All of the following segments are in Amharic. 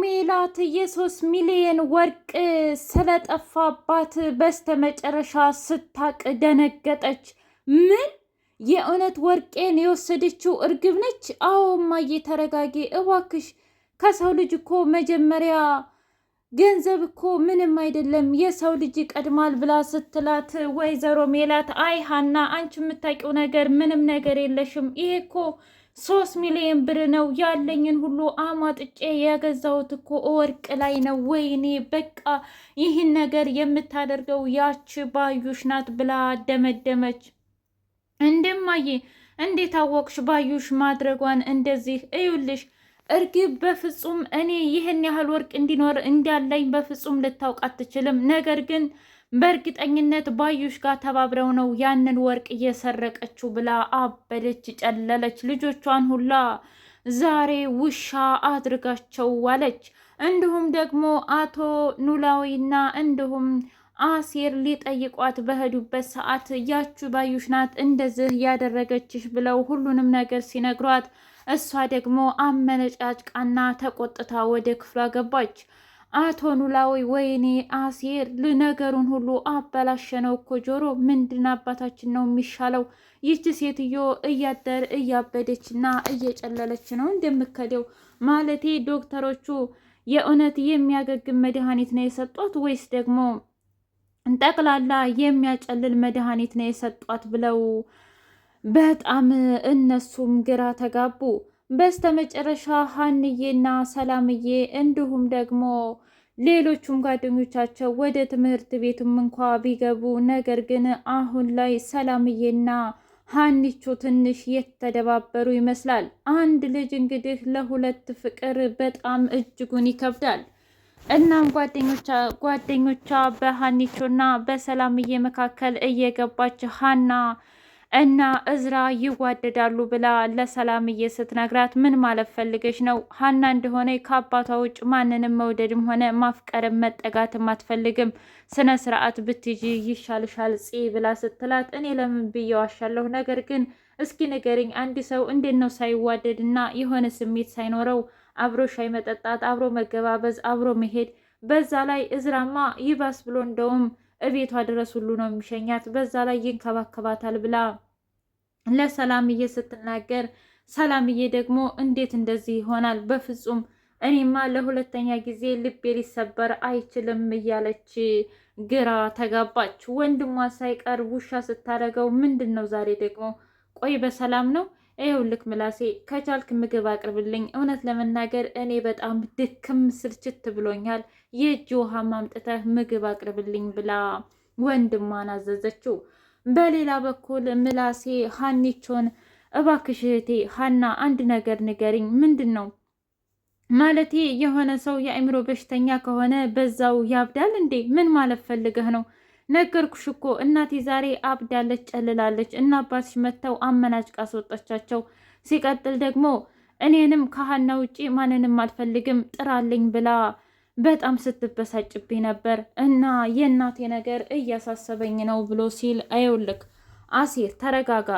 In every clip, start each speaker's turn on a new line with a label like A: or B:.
A: ሜላት የሶስት ሚሊዮን ወርቅ ስለጠፋባት በስተመጨረሻ ስታቅ ደነገጠች። ምን የእውነት ወርቄን የወሰደችው እርግብ ነች? አዎ እማዬ ተረጋጌ እባክሽ። ከሰው ልጅ እኮ መጀመሪያ ገንዘብ እኮ ምንም አይደለም የሰው ልጅ ይቀድማል ብላ ስትላት ወይዘሮ ሜላት አይ ሀና አንቺ የምታውቂው ነገር ምንም ነገር የለሽም። ይሄ እኮ ሶስት ሚሊዮን ብር ነው ያለኝን ሁሉ አሟጥጬ የገዛሁት እኮ ወርቅ ላይ ነው። ወይኔ በቃ ይህን ነገር የምታደርገው ያች ባዩሽ ናት ብላ ደመደመች። እንደማዬ እንዴት አወቅሽ ባዩሽ ማድረጓን? እንደዚህ እዩልሽ እርግብ በፍጹም እኔ ይህን ያህል ወርቅ እንዲኖር እንዳለኝ በፍጹም ልታውቅ አትችልም። ነገር ግን በእርግጠኝነት ባዩሽ ጋር ተባብረው ነው ያንን ወርቅ እየሰረቀችው ብላ አበደች፣ ጨለለች። ልጆቿን ሁላ ዛሬ ውሻ አድርጋቸው ዋለች። እንዲሁም ደግሞ አቶ ኑላዊና እንዲሁም አሴር ሊጠይቋት በሄዱበት ሰዓት ያቹ ባዩሽ ናት እንደዚህ ያደረገችሽ ብለው ሁሉንም ነገር ሲነግሯት እሷ ደግሞ አመነጫጭቃና ተቆጥታ ወደ ክፍሏ ገባች። አቶ ኖላዊ ወይኔ አሴር ነገሩን ሁሉ አበላሸነው እኮ ጆሮ ምንድን አባታችን ነው የሚሻለው? ይህች ሴትዮ እያደር እያበደችና እየጨለለች ነው እንደምከደው። ማለቴ ዶክተሮቹ የእውነት የሚያገግም መድኃኒት ነው የሰጧት ወይስ ደግሞ ጠቅላላ የሚያጨልል መድኃኒት ነው የሰጧት ብለው በጣም እነሱም ግራ ተጋቡ። በስተመጨረሻ ሀንዬና ሰላምዬ እንዲሁም ደግሞ ሌሎቹም ጓደኞቻቸው ወደ ትምህርት ቤቱም እንኳ ቢገቡ ነገር ግን አሁን ላይ ሰላምዬና ሀኒቾ ትንሽ የተደባበሩ ይመስላል። አንድ ልጅ እንግዲህ ለሁለት ፍቅር በጣም እጅጉን ይከብዳል። እናም ጓደኞቿ ጓደኞቿ በሀኒቾና በሰላምዬ መካከል እየገባች ሀና እና እዝራ ይዋደዳሉ ብላ ለሰላምዬ ስትነግራት ምን ማለት ፈልገች ነው? ሀና እንደሆነ ከአባቷ ውጭ ማንንም መውደድም ሆነ ማፍቀርም መጠጋትም አትፈልግም። ስነ ስርዓት ብትጂ ይሻልሻል ጽ ብላ ስትላት እኔ ለምን ብዬ ዋሻለሁ? ነገር ግን እስኪ ንገሪኝ፣ አንድ ሰው እንዴት ነው ሳይዋደድና የሆነ ስሜት ሳይኖረው አብሮ ሻይ መጠጣት፣ አብሮ መገባበዝ፣ አብሮ መሄድ በዛ ላይ እዝራማ ይባስ ብሎ እንደውም እቤቷ ድረስ ሁሉ ነው የሚሸኛት፣ በዛ ላይ ይንከባከባታል ብላ ለሰላምዬ ስትናገር፣ ሰላምዬ ደግሞ እንዴት እንደዚህ ይሆናል? በፍጹም እኔማ ለሁለተኛ ጊዜ ልቤ ሊሰበር አይችልም እያለች ግራ ተጋባች። ወንድሟ ሳይቀር ውሻ ስታደርገው ምንድን ነው ዛሬ ደግሞ? ቆይ በሰላም ነው? ይኸውልህ ምላሴ ከቻልክ ምግብ አቅርብልኝ። እውነት ለመናገር እኔ በጣም ድክም ስልችት ብሎኛል። የእጅ ውሃ ማምጥተህ ምግብ አቅርብልኝ ብላ ወንድሟን አዘዘችው። በሌላ በኩል ምላሴ ሀኒቾን እባክሽ እህቴ ሀና አንድ ነገር ንገሪኝ። ምንድን ነው ማለቴ? የሆነ ሰው የአእምሮ በሽተኛ ከሆነ በዛው ያብዳል እንዴ? ምን ማለት ፈልገህ ነው? ነገርኩሽ እኮ እናቴ ዛሬ አብዳለች፣ ጨልላለች እና አባትሽ መጥተው አመናጭ ቃስወጣቻቸው። ሲቀጥል ደግሞ እኔንም ከሀና ውጪ ማንንም አልፈልግም ጥራልኝ ብላ በጣም ስትበሳጭብኝ ነበር እና የእናቴ ነገር እያሳሰበኝ ነው ብሎ ሲል አይውልክ አሴር ተረጋጋ፣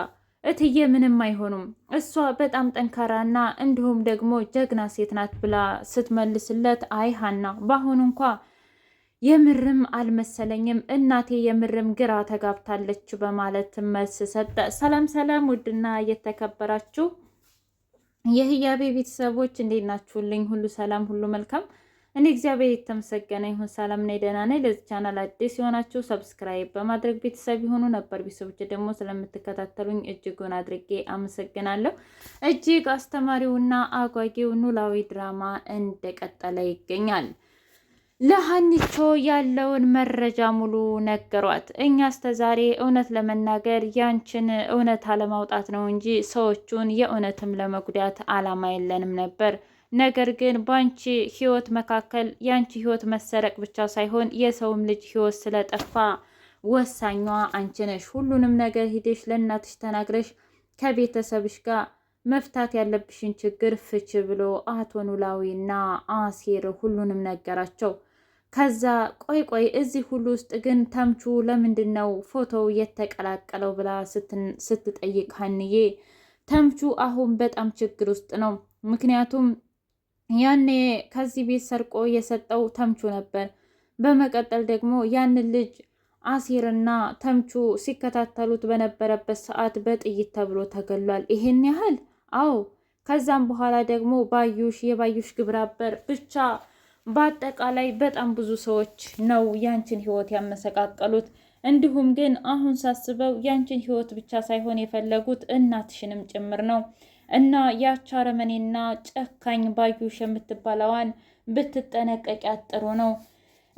A: እትዬ ምንም አይሆኑም፣ እሷ በጣም ጠንካራና እንዲሁም ደግሞ ጀግና ሴት ናት ብላ ስትመልስለት፣ አይ ሀና በአሁኑ እንኳ የምርም አልመሰለኝም እናቴ የምርም ግራ ተጋብታለች በማለት መልስ ሰጠ። ሰላም ሰላም! ውድና የተከበራችሁ የህያቤ ቤተሰቦች እንዴት ናችሁልኝ? ሁሉ ሰላም፣ ሁሉ መልካም እኔ እግዚአብሔር የተመሰገነ ይሁን ሰላም ነኝ፣ ደህና ነኝ። ለዚህ ቻናል አዲስ የሆናችሁ ሰብስክራይብ በማድረግ ቤተሰብ የሆኑ ነበር ቤተሰቦች ደግሞ ስለምትከታተሉኝ እጅጉን አድርጌ አመሰግናለሁ። እጅግ አስተማሪውና አጓጊው ኖላዊ ድራማ እንደቀጠለ ይገኛል። ለሀኒቾ ያለውን መረጃ ሙሉ ነገሯት። እኛ አስተዛሬ እውነት ለመናገር ያንችን እውነት አለማውጣት ነው እንጂ ሰዎቹን የእውነትም ለመጉዳት አላማ የለንም ነበር ነገር ግን በአንቺ ህይወት መካከል የአንቺ ህይወት መሰረቅ ብቻ ሳይሆን የሰውም ልጅ ህይወት ስለጠፋ ወሳኟ አንቺ ነሽ። ሁሉንም ነገር ሂደሽ ለእናትሽ ተናግረሽ ከቤተሰብሽ ጋር መፍታት ያለብሽን ችግር ፍች ብሎ አቶ እና አሴር ሁሉንም ነገራቸው። ከዛ ቆይ ቆይ እዚህ ሁሉ ውስጥ ግን ተምቹ ለምንድን ነው ፎቶው የተቀላቀለው ብላ ስትጠይቅ ሀንዬ ተምቹ አሁን በጣም ችግር ውስጥ ነው ምክንያቱም ያኔ ከዚህ ቤት ሰርቆ የሰጠው ተምቹ ነበር። በመቀጠል ደግሞ ያንን ልጅ አሲርና ተምቹ ሲከታተሉት በነበረበት ሰዓት በጥይት ተብሎ ተገሏል። ይሄን ያህል አዎ። ከዛም በኋላ ደግሞ ባዩሽ፣ የባዩሽ ግብረ ብቻ በአጠቃላይ በጣም ብዙ ሰዎች ነው ያንችን ህይወት ያመሰቃቀሉት። እንዲሁም ግን አሁን ሳስበው ያንችን ህይወት ብቻ ሳይሆን የፈለጉት እናትሽንም ጭምር ነው። እና ያቺ አረመኔና ጨካኝ ባዩሽ የምትባለዋን ብትጠነቀቂያት ጥሩ ነው።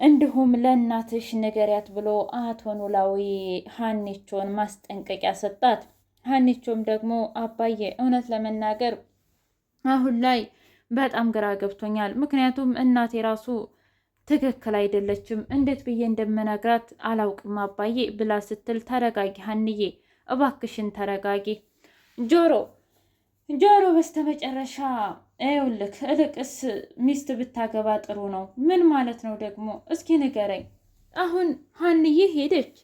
A: እንዲሁም ለእናትሽ ንገሪያት ብሎ አቶ ኖላዊ ሀኒቾን ማስጠንቀቂያ ሰጣት። ሀኒቾም ደግሞ አባዬ እውነት ለመናገር አሁን ላይ በጣም ግራ ገብቶኛል። ምክንያቱም እናቴ ራሱ ትክክል አይደለችም፣ እንዴት ብዬ እንደምነግራት አላውቅም አባዬ ብላ ስትል ተረጋጊ ሀንዬ፣ እባክሽን ተረጋጊ ጆሮ ጆሮ በስተመጨረሻ ይኸውልህ፣ እልቅስ ሚስት ብታገባ ጥሩ ነው። ምን ማለት ነው ደግሞ? እስኪ ንገረኝ። አሁን ሀንዬ ሄደች፣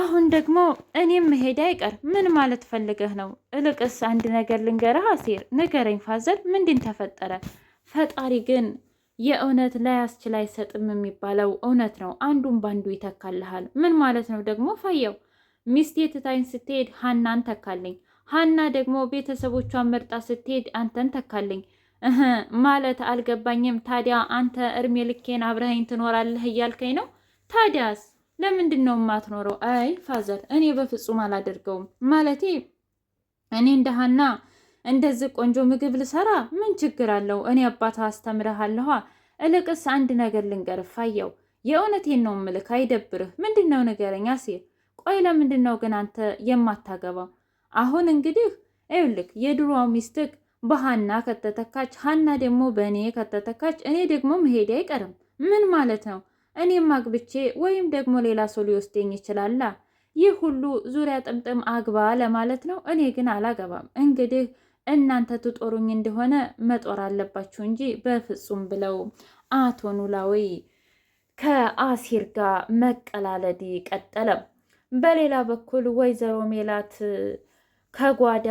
A: አሁን ደግሞ እኔም መሄድ አይቀር። ምን ማለት ፈልገህ ነው? እልቅስ አንድ ነገር ልንገረህ አሴር። ንገረኝ ፋዘል፣ ምንድን ተፈጠረ? ፈጣሪ ግን የእውነት ላያስችል አይሰጥም የሚባለው እውነት ነው። አንዱን በአንዱ ይተካልሃል። ምን ማለት ነው ደግሞ? ፈየው ሚስቴ ትታኝ ስትሄድ ሀናን ተካልኝ ሀና ደግሞ ቤተሰቦቿን መርጣ ስትሄድ አንተን ተካለኝ ማለት አልገባኝም። ታዲያ አንተ እርሜ ልኬን አብረኸኝ ትኖራለህ እያልከኝ ነው? ታዲያስ ለምንድን ነው የማትኖረው? አይ ፋዘር፣ እኔ በፍጹም አላደርገውም። ማለቴ እኔ እንደ ሀና እንደዚህ ቆንጆ ምግብ ልሰራ ምን ችግር አለው? እኔ አባት አስተምረሃለኋ። እልቅስ አንድ ነገር ልንገርህ ፋየው፣ የእውነቴን ነው ምልክ፣ አይደብርህ። ምንድን ነው ንገረኝ አሴር። ቆይ ለምንድን ነው ግን አንተ የማታገባው? አሁን እንግዲህ ይኸውልህ የድሮዋ ሚስትህ በሀና ከተተካች፣ ሀና ደግሞ በእኔ ከተተካች፣ እኔ ደግሞ መሄድ አይቀርም። ምን ማለት ነው? እኔም አግብቼ ወይም ደግሞ ሌላ ሰው ሊወስደኝ ይችላላ። ይህ ሁሉ ዙሪያ ጥምጥም አግባ ለማለት ነው። እኔ ግን አላገባም። እንግዲህ እናንተ ትጦሩኝ እንደሆነ መጦር አለባችሁ እንጂ በፍጹም ብለው አቶ ኖላዊ ከአሲር ጋር መቀላለድ ቀጠለም። በሌላ በኩል ወይዘሮ ሜላት ከጓዳ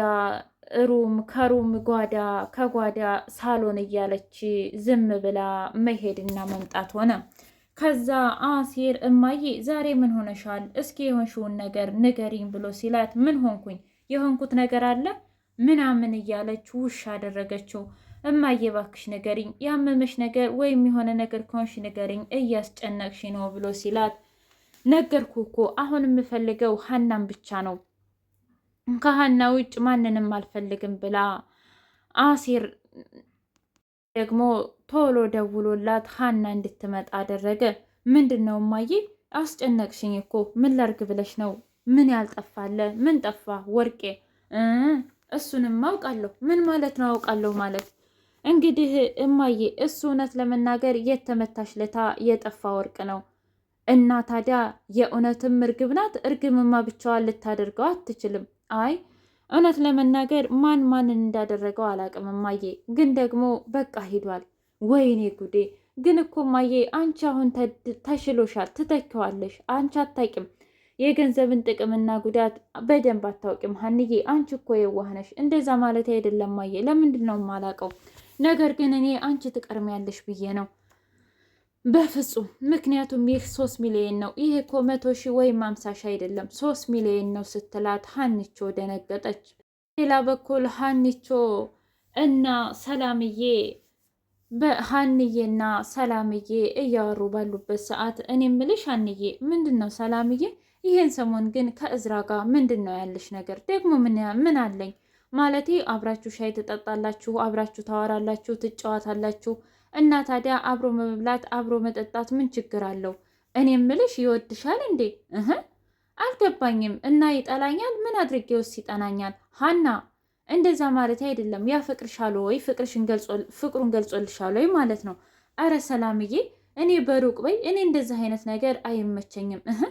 A: ሩም ከሩም ጓዳ ከጓዳ ሳሎን እያለች ዝም ብላ መሄድና መምጣት ሆነ። ከዛ አሴር እማዬ ዛሬ ምን ሆነሻል? እስኪ የሆንሽውን ነገር ንገሪኝ ብሎ ሲላት ምን ሆንኩኝ? የሆንኩት ነገር አለ ምናምን እያለች ውሽ አደረገችው። እማዬ እባክሽ ንገሪኝ፣ ያመመሽ ነገር ወይም የሆነ ነገር ከሆንሽ ንገሪኝ፣ እያስጨነቅሽ ነው ብሎ ሲላት ነገርኩ እኮ አሁን የምፈልገው ሀናም ብቻ ነው ከሀና ውጭ ማንንም አልፈልግም ብላ አሲር ደግሞ ቶሎ ደውሎላት ሀና እንድትመጣ አደረገ። ምንድን ነው እማዬ አስጨነቅሽኝ እኮ ምን ላርግ ብለሽ ነው? ምን ያልጠፋለ? ምን ጠፋ ወርቄ? እሱንም አውቃለሁ። ምን ማለት ነው አውቃለሁ ማለት? እንግዲህ እማዬ እሱ እውነት ለመናገር የተመታሽ ለታ የጠፋ ወርቅ ነው እና ታዲያ የእውነትም እርግብ ናት። እርግብማ ብቻዋን ልታደርገው አትችልም። አይ እውነት ለመናገር ማን ማንን እንዳደረገው አላቅም እማዬ፣ ግን ደግሞ በቃ ሂዷል። ወይኔ ጉዴ! ግን እኮ እማዬ አንቺ አሁን ተሽሎሻል፣ ትተኪዋለሽ። አንቺ አታቂም የገንዘብን ጥቅምና ጉዳት በደንብ አታውቂም ሀንዬ። አንቺ እኮ የዋህነሽ። እንደዛ ማለት አይደለም እማዬ። ለምንድን ነው የማላውቀው ነገር ግን እኔ አንቺ ትቀርሚያለሽ ብዬ ነው በፍጹም ምክንያቱም ይህ ሶስት ሚሊዮን ነው። ይህ እኮ መቶ ሺህ ወይም አምሳ ሺህ አይደለም ሶስት ሚሊዮን ነው ስትላት ሀንቾ ደነገጠች። ሌላ በኩል ሀንቾ እና ሰላምዬ በሀንዬና ሰላምዬ እያወሩ ባሉበት ሰዓት እኔ ምልሽ ሀንዬ፣ ምንድን ነው ሰላምዬ፣ ይህን ሰሞን ግን ከእዝራ ጋር ምንድን ነው ያለሽ ነገር? ደግሞ ምን አለኝ ማለቴ አብራችሁ ሻይ ትጠጣላችሁ፣ አብራችሁ ታወራላችሁ፣ ትጫዋታላችሁ እና ታዲያ አብሮ መብላት አብሮ መጠጣት ምን ችግር አለው? እኔ ምልሽ ይወድሻል እንዴ? እህ አልገባኝም። እና ይጠላኛል? ምን አድርጌውስ ይጠናኛል? ሀና እንደዛ ማለት አይደለም። ያ ፍቅርሻል ወይ ፍቅሩን ገልጾልሻል ወይ ማለት ነው። አረ ሰላምዬ፣ እኔ በሩቅ በይ። እኔ እንደዚህ አይነት ነገር አይመቸኝም። እህ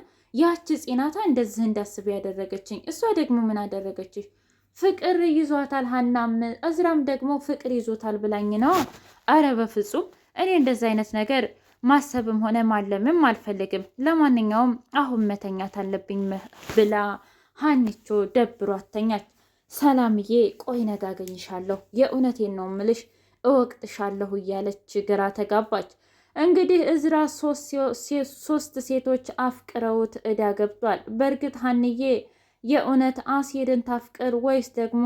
A: ያቺ ጽናታ እንደዚህ እንዳስብ ያደረገችኝ እሷ ደግሞ ምን አደረገችሽ? ፍቅር ይዟታል። ሀናም እዝራም ደግሞ ፍቅር ይዞታል ብላኝ ነው አረ በፍጹም እኔ እንደዚ አይነት ነገር ማሰብም ሆነ ማለምም አልፈልግም። ለማንኛውም አሁን መተኛት አለብኝ ብላ ሀኒቾ ደብሯት ተኛች። ሰላምዬ ቆይ ነገ አገኝሻለሁ፣ የእውነቴን ነው ምልሽ እወቅጥሻለሁ እያለች ግራ ተጋባች። እንግዲህ እዝራ ሶስት ሴቶች አፍቅረውት እዳ ገብቷል። በእርግጥ ሀንዬ የእውነት አሴድን ታፍቅር ወይስ ደግሞ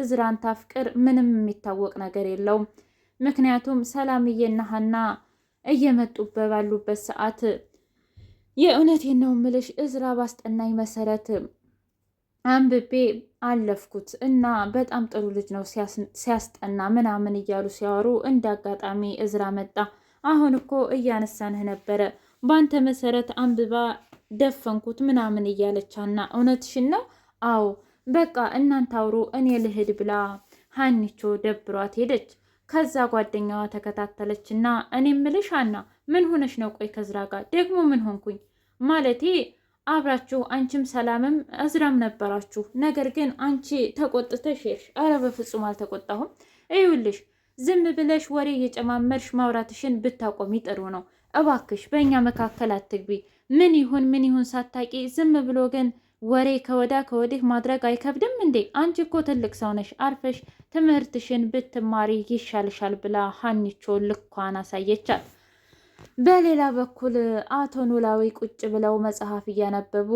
A: እዝራን ታፍቅር? ምንም የሚታወቅ ነገር የለውም። ምክንያቱም ሰላምዬና ሀና እየመጡበት ባሉበት ሰዓት የእውነቴን ነው ምልሽ እዝራ ባስጠናኝ መሰረት አንብቤ አለፍኩት እና በጣም ጥሩ ልጅ ነው ሲያስጠና ምናምን እያሉ ሲያወሩ እንደ አጋጣሚ እዝራ መጣ። አሁን እኮ እያነሳንህ ነበረ በአንተ መሰረት አንብባ ደፈንኩት ምናምን እያለቻና እውነትሽን ነው? አዎ በቃ እናንተ አውሩ እኔ ልሂድ ብላ ሀኒቾ ደብሯት ሄደች። ከዛ ጓደኛዋ ተከታተለችና እኔ ምልሽ አና ምን ሆነሽ ነው? ቆይ ከዝራ ጋር ደግሞ ምን ሆንኩኝ? ማለቴ አብራችሁ አንቺም ሰላምም እዝራም ነበራችሁ፣ ነገር ግን አንቺ ተቆጥተሽ ሄድሽ። አረ በፍጹም አልተቆጣሁም። እዩልሽ ዝም ብለሽ ወሬ እየጨማመርሽ ማውራትሽን ብታቆሚ ጥሩ ነው። እባክሽ በእኛ መካከል አትግቢ። ምን ይሁን ምን ይሁን ሳታቂ ዝም ብሎ ግን ወሬ ከወዳ ከወዲህ ማድረግ አይከብድም እንዴ? አንቺ እኮ ትልቅ ሰው ነሽ፣ አርፈሽ ትምህርትሽን ብትማሪ ይሻልሻል ብላ ሀኒቾ ልኳን አሳየቻት። በሌላ በኩል አቶ ኖላዊ ቁጭ ብለው መጽሐፍ እያነበቡ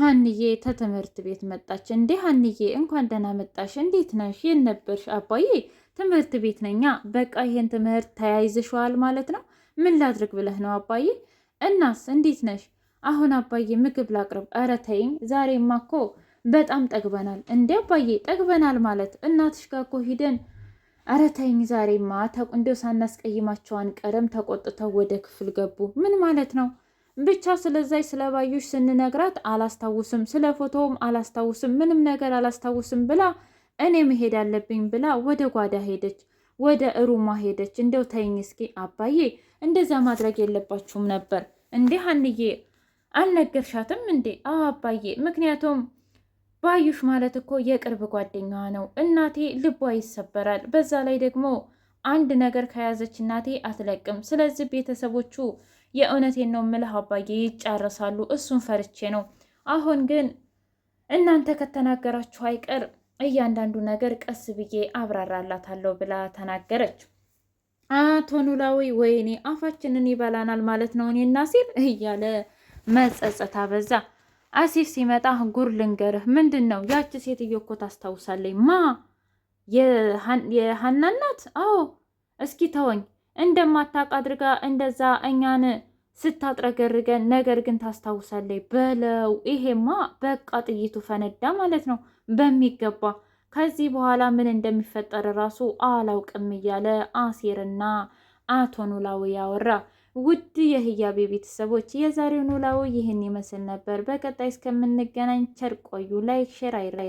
A: ሀንዬ ከትምህርት ቤት መጣች። እንዴ ሀንዬ እንኳን ደህና መጣሽ፣ እንዴት ነሽ? የት ነበርሽ? አባዬ ትምህርት ቤት ነኛ። በቃ ይሄን ትምህርት ተያይዝሸዋል ማለት ነው። ምን ላድርግ ብለህ ነው አባዬ? እናስ እንዴት ነሽ? አሁን አባዬ ምግብ ላቅርብ። ኧረ ተይኝ፣ ዛሬማ እኮ በጣም ጠግበናል። እንዴ አባዬ ጠግበናል ማለት እናትሽ ጋር እኮ ሂደን ኧረ ተይኝ፣ ዛሬማ እንደው ሳናስቀይማቸው አንቀርም። ተቆጥተው ወደ ክፍል ገቡ። ምን ማለት ነው? ብቻ ስለዛች ስለባዩሽ ስንነግራት አላስታውስም፣ ስለ ፎቶውም አላስታውስም፣ ምንም ነገር አላስታውስም ብላ እኔ መሄድ አለብኝ ብላ ወደ ጓዳ ሄደች። ወደ ሩማ ሄደች። እንደው ተይኝ እስኪ አባዬ፣ እንደዛ ማድረግ የለባችሁም ነበር እንዴ ሀንዬ፣ አልነገርሻትም እንዴ? አዎ አባዬ፣ ምክንያቱም ባዩሽ ማለት እኮ የቅርብ ጓደኛዋ ነው። እናቴ ልቧ ይሰበራል። በዛ ላይ ደግሞ አንድ ነገር ከያዘች እናቴ አትለቅም። ስለዚህ ቤተሰቦቹ የእውነቴን ነው ምልህ አባዬ ይጫረሳሉ። እሱን ፈርቼ ነው። አሁን ግን እናንተ ከተናገራችሁ አይቀር እያንዳንዱ ነገር ቀስ ብዬ አብራራላታለሁ ብላ ተናገረች። አቶ ኖላዊ ወይኔ አፋችንን ይበላናል ማለት ነው እኔና ሲል እያለ መጸጸት አበዛ። አሲፍ ሲመጣ ጉር ልንገርህ፣ ምንድን ነው ያቺ ሴትዮ እኮ ታስታውሳለኝ። ማ የሀናናት? አዎ እስኪ ተወኝ፣ እንደማታቅ አድርጋ እንደዛ እኛን ስታጥረገርገን ነገር ግን ታስታውሳለች በለው። ይሄማ በቃ ጥይቱ ፈነዳ ማለት ነው በሚገባ ከዚህ በኋላ ምን እንደሚፈጠር ራሱ አላውቅም እያለ አሴርና አቶ ኖላዊ ያወራ። ውድ የህያቤ ቤተሰቦች የዛሬው ኖላዊ ይህን ይመስል ነበር። በቀጣይ እስከምንገናኝ ቸር ቆዩ። ላይክ ሼር አይራ